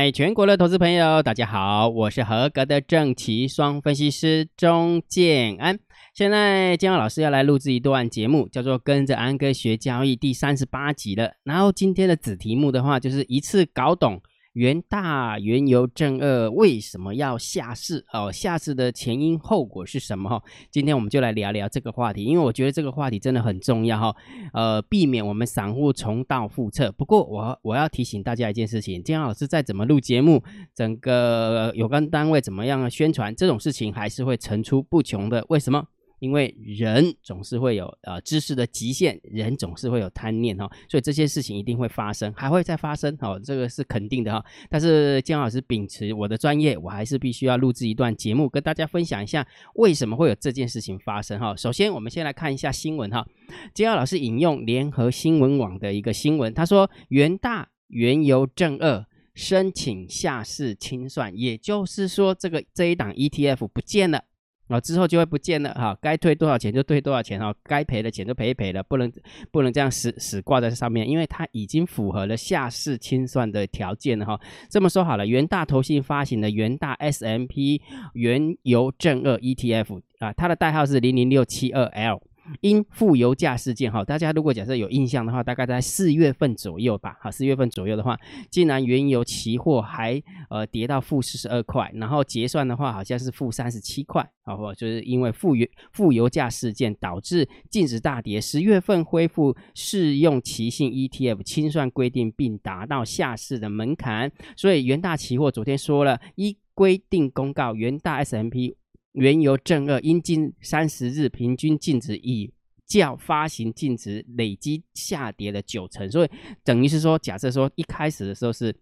哎，全國的投資朋友，大家好，我是合格的證期雙分析師鍾建安。現在建安老師要來錄製一段節目，叫做《跟着安哥學交易》第三十八集了。然後今天的子題目的話，就是一次搞懂。元大原油正二為什麼要下市？哦，下市的前因後果是什麼？哈，今天我們就來聊聊這個話題，因為我覺得這個話題真的很重要。哈，呃，避免我們散戶重蹈覆轍。不過我，我我要提醒大家一件事情，建安老師再怎麼錄節目，整個有關單位怎麼樣的宣傳，這種事情還是會層出不窮的。為什麼？因為人總是會有呃知識的極限，人總是會有貪念哈、哦，所以這些事情一定會發生，還會再發生哈、哦，這個是肯定的哈、哦。但是建安老師秉持我的專業，我還是必須要錄制一段節目，跟大家分享一下為什麼會有這件事情發生哈、哦。首先，我們先來看一下新聞哈、哦。建安老師引用聯合新聞網的一個新聞，他說，元大原油正二申請下市清算，也就是說，這個這一檔 ETF 不見了。啊、哦，之後就會不見了哈、啊，該退多少錢就退多少錢哈、啊，該賠的錢就賠一賠了，不能不能這樣死死掛在這上面，因為它已經符合了下市清算的條件了哈、啊。這麼說好了，元大投信發行的元大 S&P 原油正二 ETF 啊，它的代號是零零六七二 L。因負油價事件哈，大家如果假設有印象的話，大概在四月份左右吧哈，四月份左右的話，竟然原油期貨還呃跌到負四十二塊，然後結算的話好像是負三十七塊，好，就是因為負油負油價事件導致淨值大跌，十月份恢復適用期信 ETF 清算規定，並達到下市的門檻，所以元大期貨昨天說了依規定公告元大 S&P。原油正二，因近三十日平均淨值已較發行淨值累積下跌了九成，所以等於是說，假設說一開始的時候是。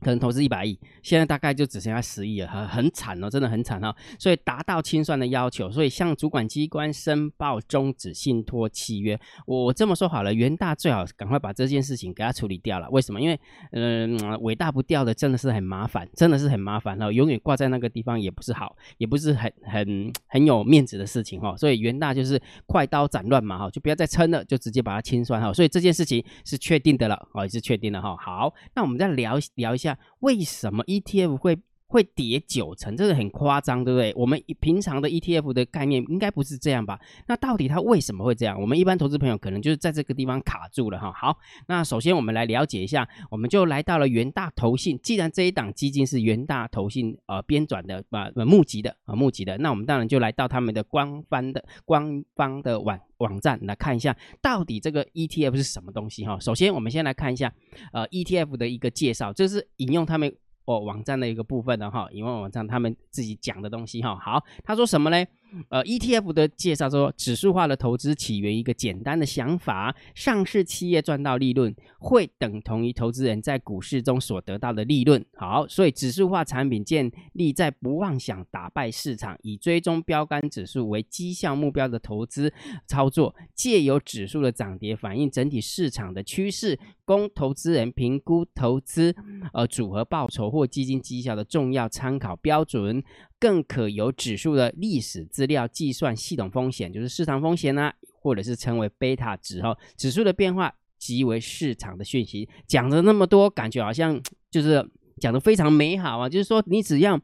可能投資一百億，現在大概就只剩下十億了，啊、很很慘哦，真的很慘哈、哦。所以達到清算的要求，所以向主管機關申報終止信托契約。我我這麼說好了，元大最好趕快把這件事情給它處理掉了。為什麼？因為嗯，呃、尾大不掉的真的是很麻煩，真的是很麻煩了、哦，永遠掛在那個地方也不是好，也不是很很很有面子的事情哈、哦。所以元大就是快刀斬亂麻哈，就不要再撐了，就直接把它清算哈、哦。所以這件事情是確定的了，哦，也是確定了哈、哦。好，那我們再聊聊一下。為什麼 ETF 會？會跌九成，這是很誇張，對不對？我們平常的 ETF 的概念應該不是這樣吧？那到底它為什麼會這樣？我們一般投資朋友可能就是在這個地方卡住了哈。好，那首先我們來了解一下，我們就來到了元大投信。既然這一檔基金是元大投信呃編轉的啊、呃、募集的啊、呃募，呃、募集的，那我們當然就來到他們的官方的官方的網網站來看一下，到底這個 ETF 是什麼東西哈。首先我們先來看一下呃 ETF 的一個介紹，這是引用他們。哦、網站的一個部分的、哦、哈，英文網站他們自己講的東西哈、哦。好，他說什麼呢？呃，ETF 的介紹說，指數化的投資起源一個簡單的想法：上市企業賺到利潤，會等同於投資人在股市中所得到的利潤。好，所以指數化產品建立在不妄想打敗市場，以追蹤標杆指數為績效目標的投資操作，借由指數的漲跌反映整體市場的趨勢，供投資人評估投資呃組合報酬或基金績效的重要參考標準。更可由指數的歷史資料計算系統風險，就是市場風險啊，或者是稱為貝塔值哦。指數的變化即為市場的訊息。講了那麼多，感覺好像就是講得非常美好啊。就是說，你只要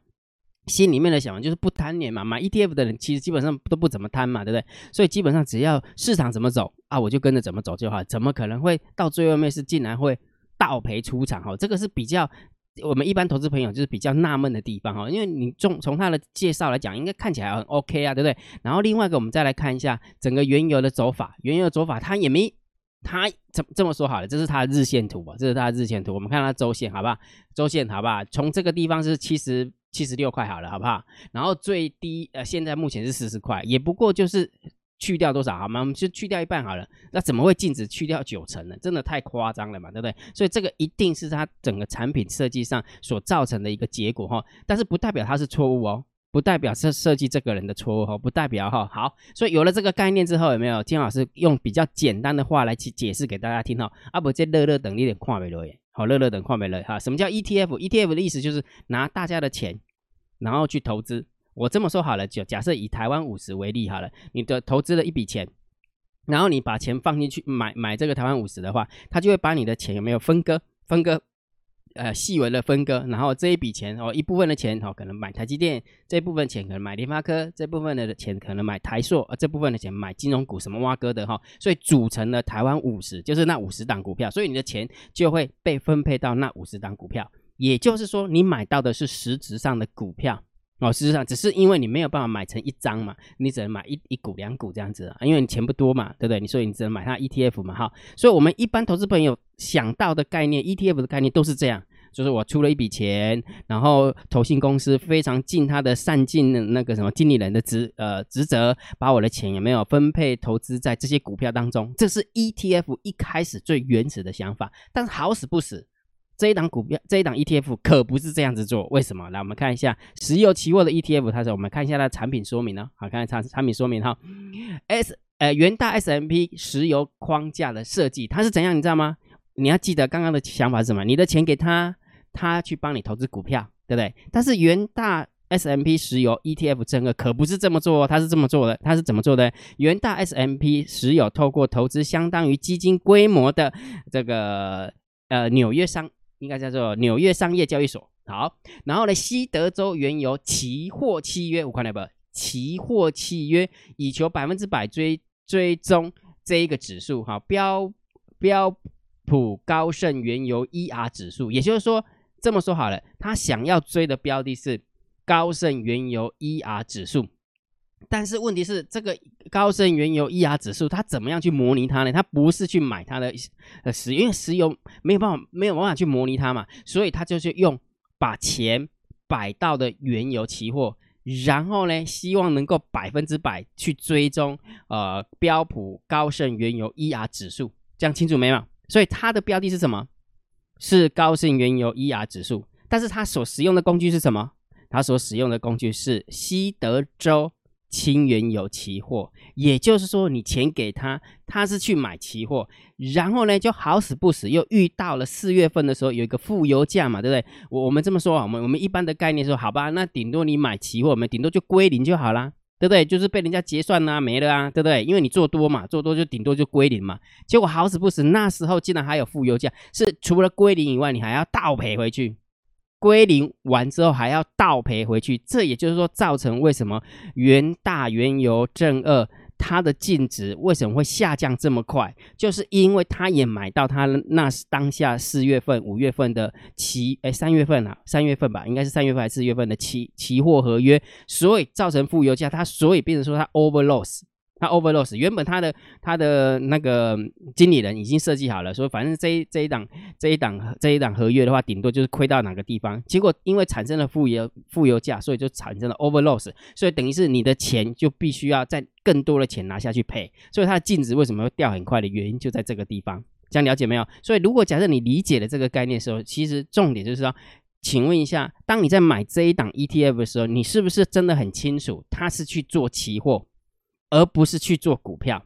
心裡面的想法就是不貪婪嘛，買 ETF 的人其實基本上都不怎麼貪嘛，對不對？所以基本上只要市場怎麼走啊，我就跟着怎麼走就好。怎麼可能會到最後面是竟然會倒賠出場？哦，這個是比較。我們一般投資朋友就是比較納悶的地方哈、哦，因為你從從他的介紹來講，應該看起來很 OK 啊，對不對？然後另外一個，我們再來看一下整個原油的走法，原油的走法它也沒，它怎這麼說好了，這是它的日線圖吧？這是它的日線圖，我們看它周線，好不好？周線，好不好？從這個地方是七十七十六塊，好了，好不好？然後最低呃，現在目前是四十塊，也不過就是。去掉多少好嗎？我們就去掉一半好了。那怎麼會禁止去掉九成呢？真的太誇張了嘛，對不對？所以這個一定是它整個產品設計上所造成的一個結果哈、哦。但是不代表它是錯誤哦，不代表設設計這個人的錯誤哦，不代表哈、哦。好，所以有了這個概念之後，有沒有？建安老師用比較簡單的話來去解釋給大家聽哈、哦。啊不樂樂不，哦、樂樂不，這樂樂等你的跨美留言。好，樂樂等跨美樂哈。什麼叫 ETF？ETF 的意思就是拿大家的錢，然後去投資。我這麼說好了，就假設以台灣五十為例好了，你的投資了一筆錢，然後你把錢放進去買買這個台灣五十的話，他就會把你的錢有沒有分割分割，呃，細微的分割，然後這一筆錢哦，一部分的錢哦，可能買台積電，這一部分錢可能買聯發科，這部分的錢可能買台碩，呃，這部分的錢買金融股，什麼挖哥的哈，哦，所以組成了台灣五十，就是那五十檔股票，所以你的錢就會被分配到那五十檔股票，也就是說，你買到的是實質上的股票。哦，事實上只是因為你沒有辦法買成一張嘛，你只能買一一股兩股這樣子啊，因為你錢不多嘛，對不對？你所以你只能買它 ETF 嘛，哈。所以，我們一般投資朋友想到的概念，ETF 的概念都是這樣，就是我出了一筆錢，然後投信公司非常盡他的善盡那個什麼經理人的職呃職責，把我的錢有沒有分配投資在這些股票當中，這是 ETF 一開始最原始的想法。但是好死不死。這一檔股票，這一檔 ETF 可不是這樣子做。為什麼？來，我們看一下石油期貨的 ETF，它是。我們看一下它的產品說明呢、哦？好，看一下產品說明哈。S 呃，元大 SMP 石油框架的設計，它是怎樣？你知道嗎？你要記得剛剛的想法是什麼？你的錢給他，他去幫你投資股票，對不對？但是元大 SMP 石油 ETF 這個，可不是這麼做、哦，它是這麼做的。它是怎麼做的？元大 SMP 石油透過投資相當於基金規模的這個呃紐約商。應該叫做紐約商業交易所。好，然後呢，西德州原油期貨契約，我看到不期貨契約，以求百分之百追追蹤這一個指數。好，標標普高盛原油 ER 指數，也就是說這麼說好了，他想要追的標的是高盛原油 ER 指數。但是問題是，這個高盛原油 ER 指數它怎麼樣去模擬它呢？它不是去買它的，呃，石油，因為石油沒有辦法，沒有辦法去模擬它嘛，所以它就是用把錢擺到的原油期貨，然後呢，希望能夠百分之百去追蹤，呃，標普高盛原油 ER 指數，這樣清楚沒有？所以它的標的是什麼？是高盛原油 ER 指數，但是它所使用的工具是什麼？它所使用的工具是西德州。輕原油期貨，也就是說你錢給他，他是去買期貨，然後呢，就好死不死又遇到了四月份的時候有一個負油價嘛，對不對？我我們這麼說啊，我們我們一般的概念說，好吧，那頂多你買期貨，我們頂多就歸零就好啦，對不對？就是被人家結算啦、啊，沒了啊，對不對？因為你做多嘛，做多就頂多就歸零嘛。結果好死不死，那時候竟然還有負油價，是除了歸零以外，你還要倒賠回去。歸零完之後還要倒賠回去，這也就是說造成為什麼元大原油正二它的淨值為什麼會下降這麼快？就是因為他也買到它那當下四月份、五月份的期，誒、欸、三月份啊，三月份吧，應該是三月份還是四月份的期期貨合約，所以造成負油價，它所以變成說它 over loss。它 overloss 原本它的它的那個經理人已經設計好了，說反正這一這一檔這一檔這一檔合約的話，頂多就是虧到哪個地方。結果因為產生了負油、負油價，所以就產生了 overloss，所以等於是你的錢就必須要再更多的錢拿下去賠。所以它的淨值為什麼會掉很快的原因就在這個地方，這樣了解沒有？所以如果假設你理解了這個概念的時候，其實重點就是說，請問一下，當你在買這一檔 ETF 的時候，你是不是真的很清楚它是去做期貨？而不是去做股票，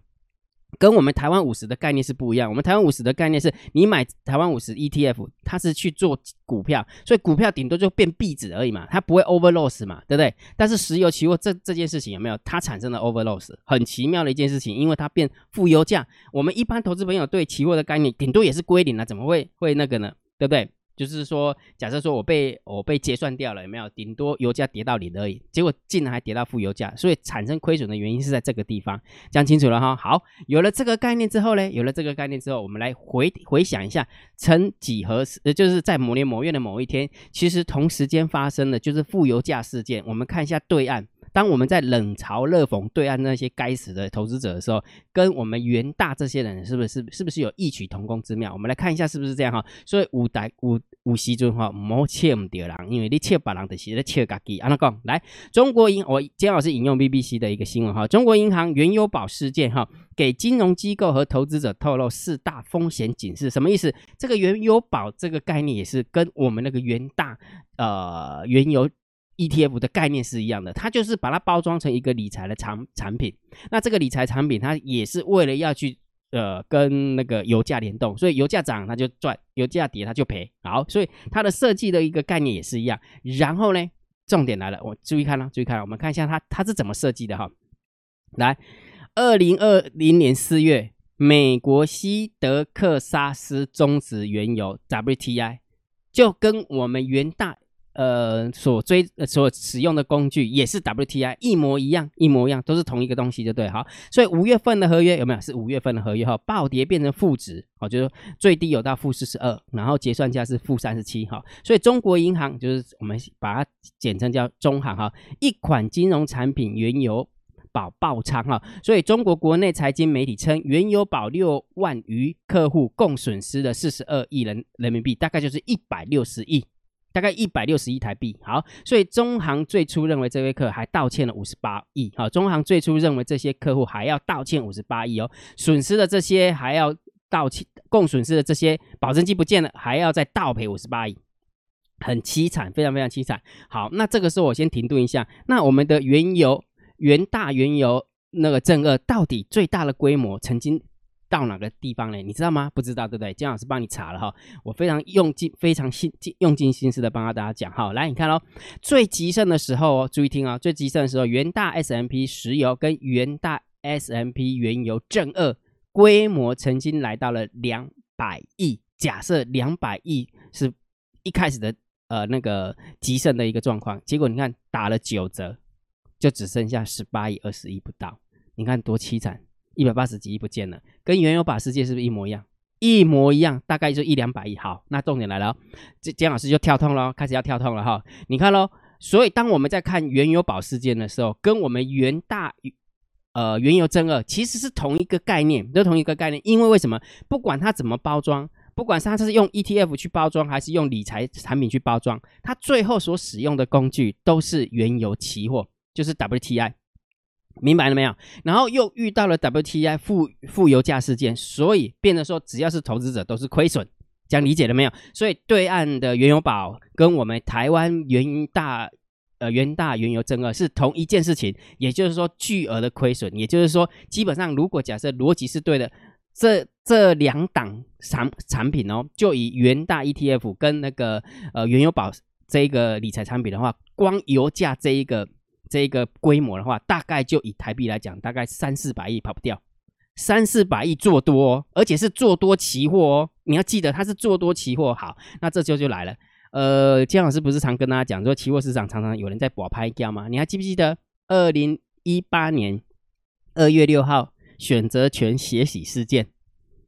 跟我們台灣五十的概念是不一樣。我們台灣五十的概念是你買台灣五十 ETF，它是去做股票，所以股票頂多就變幣值而已嘛，它不會 over l o a d 嘛，對不對？但是石油期貨這這件事情有沒有，它產生了 over l o a d，很奇妙的一件事情，因為它變負油價。我們一般投資朋友對期貨的概念頂多也是歸零了、啊，怎麼會會那個呢？對不對？就是說，假設說我被我被結算掉了，有沒有？頂多油價跌到零而已，結果竟然還跌到負油價，所以產生虧損的原因是在這個地方，講清楚了哈。好，有了這個概念之後咧，有了這個概念之後，我們來回回想一下，曾幾何時，就是在某年某月的某一天，其實同時間發生的就是負油價事件，我們看一下對岸。當我們在冷嘲熱諷對岸那些該死的投資者的時候，跟我們元大這些人是不是是不是有異曲同工之妙？我們來看一下是不是這樣哈、哦。所以五代五五時陣哈，莫好切人，因為你切別人的，就是，是咧切家己。安那講來，中國銀我今天我是引用 BBC 的一個新聞哈、哦。中國銀行原油寶事件哈、哦，給金融機構和投資者透露四大風險警示。什麼意思？這個原油寶這個概念也是跟我們那個元大呃原油。E T F 的概念是一樣的，它就是把它包裝成一個理財的產產品。那這個理財產品，它也是為了要去呃跟那個油價聯動，所以油價漲它就賺，油價跌它就賠。好，所以它的設計的一個概念也是一樣。然後呢，重點來了，我注意看了啊，注意看啊，我們看一下它它是怎麼設計的哈。來，二零二零年四月，美國西德克薩斯中質原油 W T I 就跟我們元大。呃，所追呃所使用的工具也是 WTI 一模一樣，一模一樣都是同一個東西，就對哈。所以五月份的合約有沒有是五月份的合約哈？暴跌變成負值，好，就是最低有到負四十二，然後結算價是負三十七哈。所以中國銀行就是我們把它簡稱叫中行哈，一款金融產品原油寶爆倉哈。所以中國國內財經媒體稱，原油寶六萬餘客戶共損失了四十二億人人民幣，大概就是一百六十億。大概一百六十億台幣，好，所以中行最初認為這位客還倒欠了五十八億，好，中行最初認為這些客戶還要倒欠五十八億哦，損失的這些還要倒欠，共損失的這些保證金不見了，還要再倒賠五十八億，很悽慘，非常非常悽慘。好，那這個時候我先停頓一下，那我們的原油、元大原油那個正二到底最大的規模曾經？到哪個地方呢？你知道嗎？不知道對不對？建安老師幫你查了哈，我非常用盡、非常心盡用盡心思的幫大家講哈。來，你看哦，最極盛的時候哦，注意聽啊、哦，最極盛的時候，元大 S M P 石油跟元大 S M P 原油正二規模曾經來到了兩百億。假設兩百億是一開始的呃那個極盛的一個狀況，結果你看打了九折，就只剩下十八億、二十億不到。你看多淒慘！一百八十幾億不見了，跟原油寶世界是不是一模一樣？一模一樣，大概就一兩百億。好，那重點來了，這建老師就跳痛了，開始要跳痛了哈。你看嘍，所以當我們在看原油寶事件的時候，跟我們元大呃原油正二其實是同一個概念，都同一個概念。因為為什麼？不管它怎麼包裝，不管是它是用 ETF 去包裝，還是用理財產品去包裝，它最後所使用的工具都是原油期貨，就是 WTI。明白了沒有？然後又遇到了 WTI 負負油價事件，所以變得說只要是投資者都是虧損，這樣理解了沒有？所以對岸的原油寶跟我們台灣元大呃元大原油正二是同一件事情，也就是說巨額的虧損，也就是說基本上如果假設邏輯是對的，這這兩檔產產品哦，就以元大 ETF 跟那個呃原油寶這個理財產品的話，光油價這一個。這個規模的話，大概就以台幣來講，大概三四百億跑不掉，三四百億做多哦，而且是做多期貨哦。你要記得，它是做多期貨。好，那這時候就來了。呃，建安老師不是常跟大家講，說期貨市場常常有人在搏拍掉嗎？你還記不記得二零一八年二月六號選擇權血洗事件？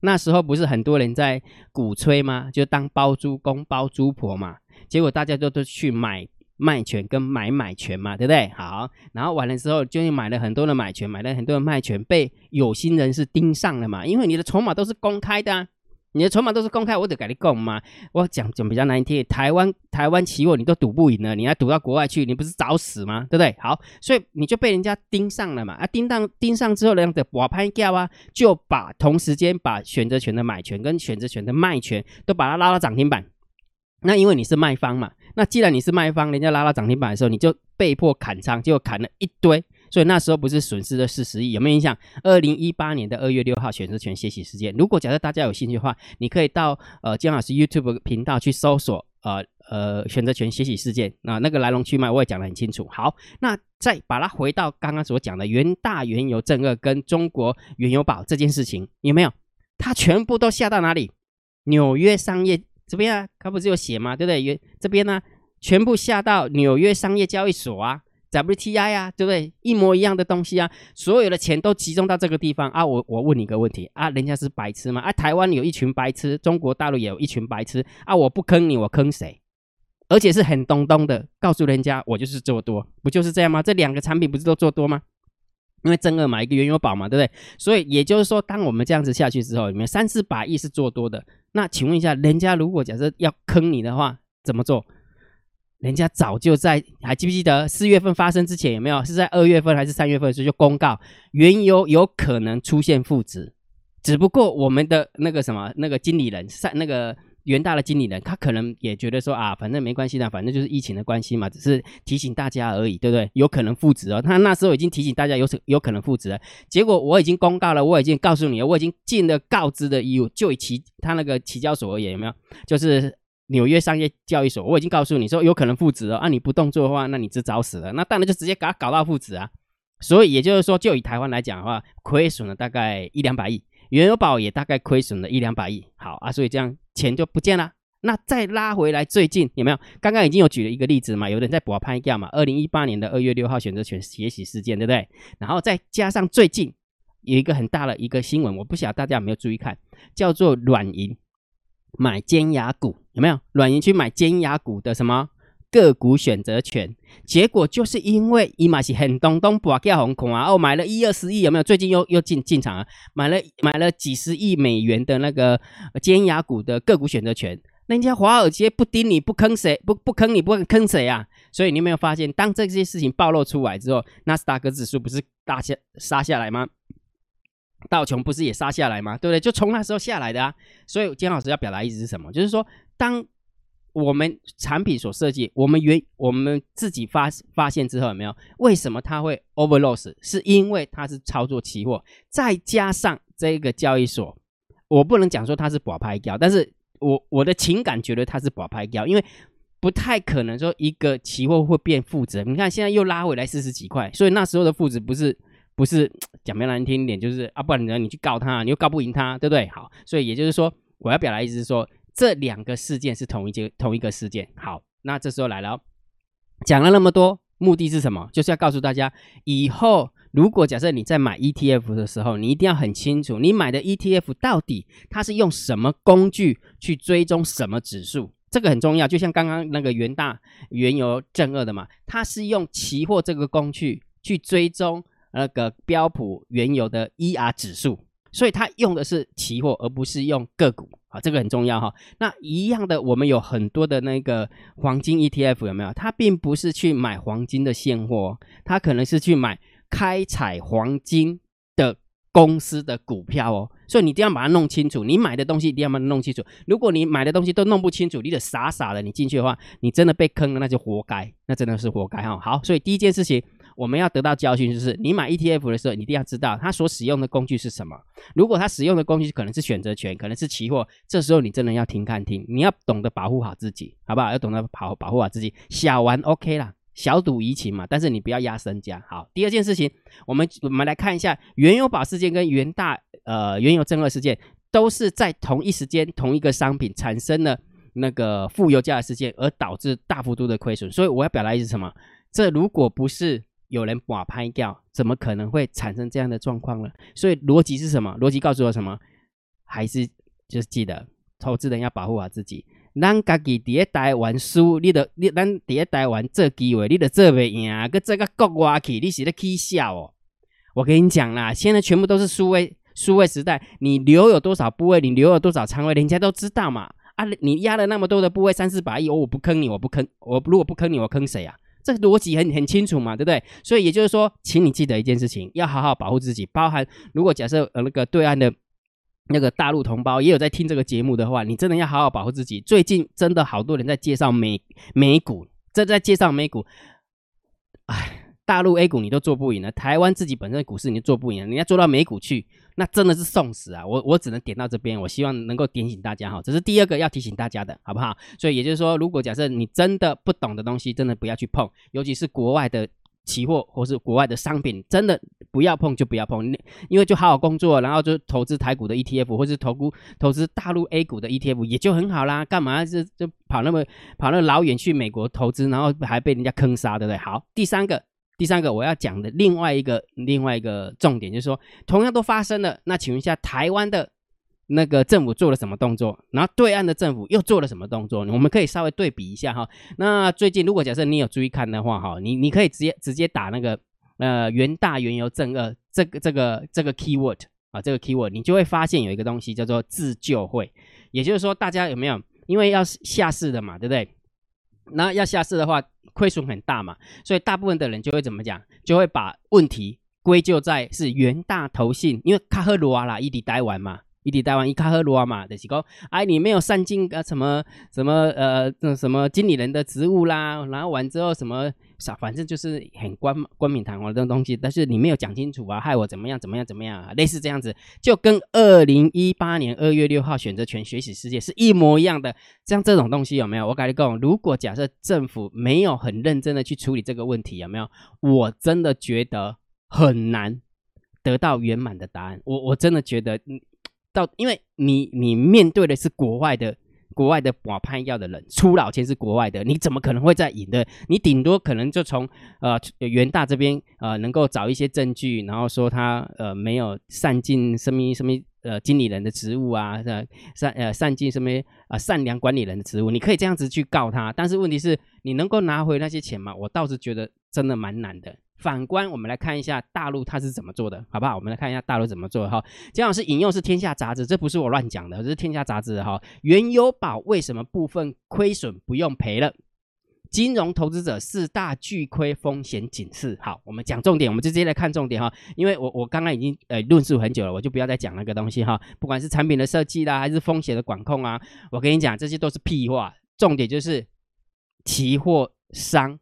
那時候不是很多人在鼓吹嗎？就當包租公、包租婆嘛，結果大家都都去買。賣權跟買買權嘛，對不對？好，然後完了之後，就買了很多的買權，買了很多的賣權，被有心人士盯上了嘛。因為你的籌碼都是公開的啊，你的籌碼都是公開，我得給你供嘛。我講講比較難聽，台灣台灣期貨你都賭不贏了，你還賭到國外去，你不是找死嗎？對不對？好，所以你就被人家盯上了嘛。啊盯，盯上盯上之後的樣子，我拍掉啊，就把同時間把選擇權的買權跟選擇權的賣權都把它拉到漲停板。那因為你是賣方嘛，那既然你是賣方，人家拉到漲停板的時候，你就被迫砍倉，結果砍了一堆，所以那時候不是損失了四十億？有沒有印象？二零一八年的二月六號，選擇權血洗事件。如果假設大家有興趣的話，你可以到呃建安老師 YouTube 頻道去搜索呃呃選擇權血洗事件，那那個來龍去脈我也講得很清楚。好，那再把它回到剛剛所講的元大原油正二跟中國原油寶這件事情，有沒有？它全部都下到哪裡？紐約商業。這邊啊，它不是有寫嗎？對不對？也這邊呢、啊，全部下到紐約商業交易所啊，WTI 啊，對不對？一模一樣的東西啊，所有的錢都集中到這個地方啊。我我問你個問題啊，人家是白痴嗎？啊，台灣有一群白痴，中國大陸也有一群白痴啊。我不坑你，我坑誰？而且是很東東的，告訴人家我就是做多，不就是這樣嗎？這兩個產品不是都做多嗎？因為正二嘛，一個原油寶嘛，對不對？所以也就是說，當我們這樣子下去之後，裡面三四百億是做多的。那請問一下，人家如果假設要坑你的話，怎麼做？人家早就在，還記不記得四月份發生之前有沒有？是在二月份還是三月份的時候就公告原油有可能出現負值，只不過我們的那個什麼那個經理人上那個。元大的經理人，他可能也覺得說啊，反正沒關係的，反正就是疫情的關係嘛，只是提醒大家而已，對不對？有可能負值哦。他那時候已經提醒大家有有可能負值了，結果我已經公告了，我已經告訴你了，我已經盡了告知的義務。就以其他那個期交所而言，有沒有？就是紐約商業交易所，我已經告訴你說有可能負值哦。啊，你不動作的話，那你只找死了。那當然就直接給他搞到負值啊。所以也就是說，就以台灣來講的話，虧損了大概一兩百億，原油寶也大概虧損了一兩百億。好啊，所以這樣。錢就不見了，那再拉回來。最近有沒有？剛剛已經有舉了一個例子嘛，有人在補一價嘛。二零一八年的二月六號選擇權血洗事件，對不對？然後再加上最近有一個很大的一個新聞，我不曉得大家有沒有注意看，叫做軟銀買尖牙股，有沒有？軟銀去買尖牙股的什麼？個股選擇權，結果就是因為伊馬是很東懂把掉紅股啊，哦，買了一二十億有沒有？最近又又進進場啊，買了買了幾十億美元的那個尖牙股的個股選擇權，那人家華爾街不盯你不坑誰，不不坑你不坑誰啊？所以你有沒有發現，當這些事情暴露出來之後，納斯達克指數不是大下殺下來嗎？道瓊不是也殺下來嗎？對不對？就從那時候下來的啊。所以建安老師要表達的意思是什麼？就是說當。我們產品所設計，我們原我們自己發發現之後有沒有？為什麼它會 overloss？是因為它是操作期貨，再加上這個交易所，我不能講說它是保拍掉，但是我我的情感覺得它是保拍掉，因為不太可能說一個期貨會變負值。你看現在又拉回來四十幾塊，所以那時候的負值不是不是講得難聽一點，就是啊，不然你你去告他，你又告不贏他，對不對？好，所以也就是說，我要表達意思是說。這兩個事件是同一件同一個事件。好，那這時候來了哦，講了那麼多，目的是什麼？就是要告訴大家，以後如果假設你在買 ETF 的時候，你一定要很清楚，你買的 ETF 到底它是用什麼工具去追蹤什麼指數，這個很重要。就像剛剛那個元大原油正二的嘛，它是用期貨這個工具去追蹤那個標普原油的 ER 指數，所以它用的是期貨，而不是用個股。啊，這個很重要哈、哦。那一樣的，我們有很多的那個黃金 ETF 有沒有？它並不是去買黃金的現貨哦，它可能是去買開採黃金的公司的股票哦。所以你一定要把它弄清楚，你買的東西一定要把它弄清楚。如果你買的東西都弄不清楚，你得傻傻的你進去的話，你真的被坑了，那就活該，那真的是活該哈、哦。好，所以第一件事情。我們要得到教訓，就是你買 ETF 的時候，你一定要知道它所使用的工具是什麼。如果它使用的工具可能是選擇權，可能是期貨，這時候你真的要停、看、聽，你要懂得保護好自己，好不好？要懂得保保護好自己。小玩 OK 啦，小賭怡情嘛，但是你不要壓身家。好，第二件事情，我們我們來看一下原油寶事件跟元大呃原油正二事件，都是在同一時間同一個商品產生了那個負油價的事件，而導致大幅度的虧損。所以我要表達意思什麼？這如果不是。有人把它拍掉，怎麼可能會產生這樣的狀況呢？所以邏輯是什麼？邏輯告訴我什麼？還是就是記得，投資人要保護好自己。咱自己佇台灣玩輸，你的你咱佇台灣玩這機會，你都做未贏，佮這個國外去，你是咧起笑哦。我跟你講啦，現在全部都是數位數位時代，你留有多少部位，你留有多少倉位，人家都知道嘛。啊，你壓了那麼多的部位，三四百億、哦，我不坑你，我不坑，我如果不坑你，我坑誰啊？這個邏輯很很清楚嘛，對不對？所以也就是說，請你記得一件事情，要好好保護自己。包含如果假設呃那個對岸的那個大陸同胞也有在聽這個節目的話，你真的要好好保護自己。最近真的好多人在介紹美美股，這在介紹美股，哎。大陸 A 股你都做不贏了，台灣自己本身的股市你都做不贏，你要做到美股去，那真的是送死啊！我我只能點到這邊，我希望能夠點醒大家哈。這是第二個要提醒大家的好不好？所以也就是說，如果假設你真的不懂的東西，真的不要去碰，尤其是國外的期貨或是國外的商品，真的不要碰就不要碰，因為就好好工作，然後就投資台股的 ETF 或是投股投資大陸 A 股的 ETF 也就很好啦。幹嘛就就跑那麼跑那麼老遠去美國投資，然後還被人家坑殺，對不對？好，第三個。第三個我要講的另外一個另外一個重點，就是說同樣都發生了，那請問一下台灣的那個政府做了什麼動作？然後對岸的政府又做了什麼動作？我們可以稍微對比一下哈。那最近如果假設你有注意看的話哈，你你可以直接直接打那個呃“元大原油正二”這個這個這個 keyword 啊，這個 keyword 你就會發現有一個東西叫做自救會，也就是說大家有沒有因為要下市的嘛，對不對？那要下市的話，虧損很大嘛，所以大部分的人就會怎麼講，就會把問題歸咎在是元大投信，因為他和羅阿拉一直待完嘛。啊、你沒有善盡、啊、什,什麼什麼呃，那什麼經理人的職務啦，然後完之後什麼，啥反正就是很官冠冕堂皇這種東西，但是你沒有講清楚啊，害我怎麼樣怎麼樣怎麼樣、啊，類似這樣子，就跟二零一八年二月六號選擇權血洗事件是一模一樣的。像這種東西有沒有？我感覺，如果假設政府沒有很認真的去處理這個問題，有沒有？我真的覺得很難得到圓滿的答案。我我真的覺得。到，因為你你面對的是國外的國外的保判要的人，出老千是國外的，你怎麼可能會在贏的？你頂多可能就從呃元大這邊呃能夠找一些證據，然後說他呃沒有善盡什麼什麼呃經理人的職務啊，善善呃善盡什麼啊善良管理人的職務，你可以這樣子去告他。但是問題是你能夠拿回那些錢嗎？我倒是覺得真的蠻難的。反觀，我們來看一下大陸它是怎麼做的，好不好？我們來看一下大陸怎麼做哈。建安老師引用是《天下雜誌》，這不是我亂講的，這是《天下雜誌》哈。原油寶為什麼部分虧損不用賠了？金融投資者四大巨虧風險警示。好，我們講重點，我們就直接來看重點哈。因為我我剛剛已經呃、哎、論述很久了，我就不要再講那個東西哈。不管是產品的設計啦，還是風險的管控啊，我跟你講這些都是屁話。重點就是期貨商。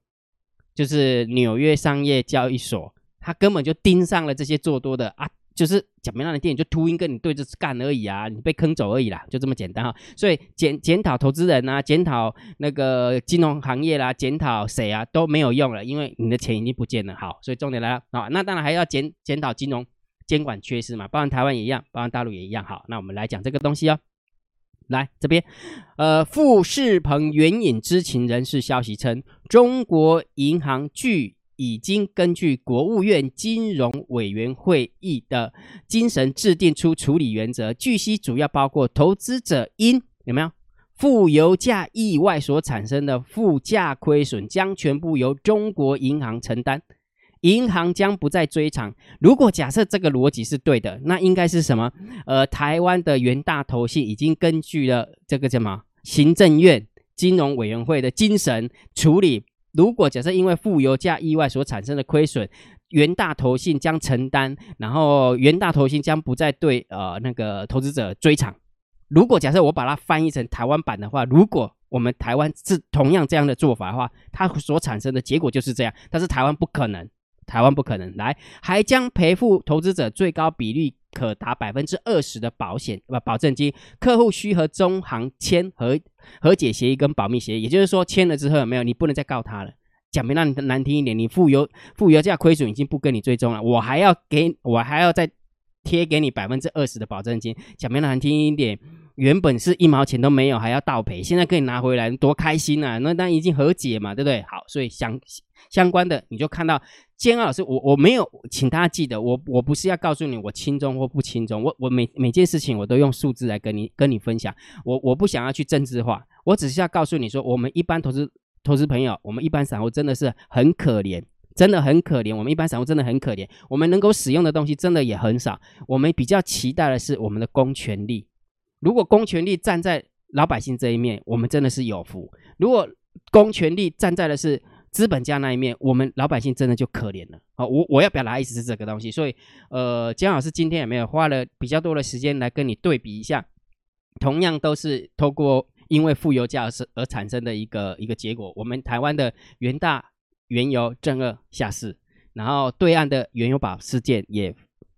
就是紐約商業交易所，他根本就盯上了這些做多的啊，就是講明那的電影，就禿鷹跟你對着幹而已啊，你被坑走而已啦，就這麼簡單啊、哦。所以檢檢討投資人啊，檢討那個金融行業啦、啊，檢討誰啊都沒有用了，因為你的錢已經不見了。好，所以重點來了啊，那當然還要檢檢討金融監管缺失嘛，包含台灣也一樣，包含大陸也一樣。好，那我們來講這個東西哦。來這邊，呃，富士鵬援引知情人士消息稱，中國銀行據已經根據國務院金融委員會議的精神制定出處理原則。據悉，主要包括投資者因有沒有負油價意外所產生的負價虧損，將全部由中國銀行承擔。銀行將不再追償。如果假設這個邏輯是對的，那應該是什麼？呃，台灣的元大投信已經根據了這個叫什麼行政院金融委員會的精神處理。如果假設因為負油價意外所產生的虧損，元大投信將承擔，然後元大投信將不再對呃那個投資者追償。如果假設我把它翻譯成台灣版的話，如果我們台灣是同樣這樣的做法的話，它所產生的結果就是這樣。但是台灣不可能。台灣不可能來，還將賠付投資者最高比率可達百分之二十的保險保保證金，客戶需和中行簽和和解協議跟保密協議，也就是說簽了之後沒有你不能再告他了。講明讓你難聽一點，你負油負油價虧損已經不跟你追蹤了，我還要給我還要再貼給你百分之二十的保證金。講明難聽一點，原本是一毛錢都沒有還要倒賠，現在可以拿回來多開心啊！那那已經和解嘛，對不對？好，所以相相關的你就看到。建安老師，我我沒有，請大家記得，我我不是要告訴你我輕重或不輕重，我我每每件事情我都用數字來跟你跟你分享，我我不想要去政治化，我只是要告訴你說，我們一般投資投資朋友，我們一般散戶真的是很可憐，真的很可憐，我們一般散戶真的很可憐，我們能夠使用的東西真的也很少，我們比較期待的是我們的公權力，如果公權力站在老百姓這一面，我們真的是有福；如果公權力站在的是。資本家那一面，我們老百姓真的就可憐了啊、哦！我我要表達的意思是這個東西，所以，呃，江老師今天也沒有花了比較多的時間來跟你對比一下，同樣都是透過因為負油價而生而產生的一個一個結果。我們台灣的元大原油正二下市，然後對岸的原油寶事件也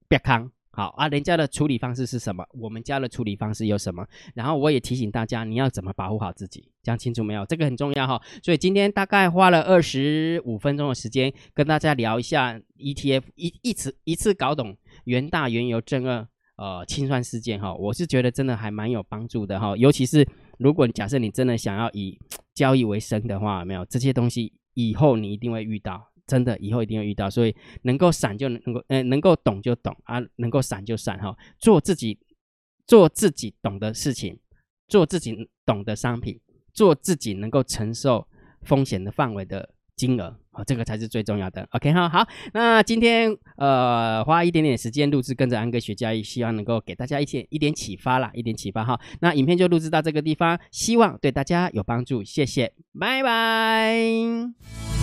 別康。好啊，人家的處理方式是什麼？我們家的處理方式有什麼？然後我也提醒大家，你要怎麼保護好自己？講清楚沒有？這個很重要哈。所以今天大概花了二十五分鐘的時間，跟大家聊一下 ETF 一一次一次搞懂原大原油正二呃清算事件哈。我是覺得真的還蠻有幫助的哈。尤其是如果假設你真的想要以交易為生的話，沒有這些東西以後你一定會遇到。真的，以後一定會遇到，所以能夠閃就能夠，呃、能夠懂就懂啊，能夠閃就閃哈，做自己做自己懂的事情，做自己懂的商品，做自己能夠承受風險的範圍的金額，哦、啊，這個才是最重要的。OK 哈，好，那今天呃花一點點時間錄製，跟着安哥學交易，希望能夠給大家一些一點啟發啦，一點啟發哈。那影片就錄製到這個地方，希望對大家有幫助，謝謝，拜拜。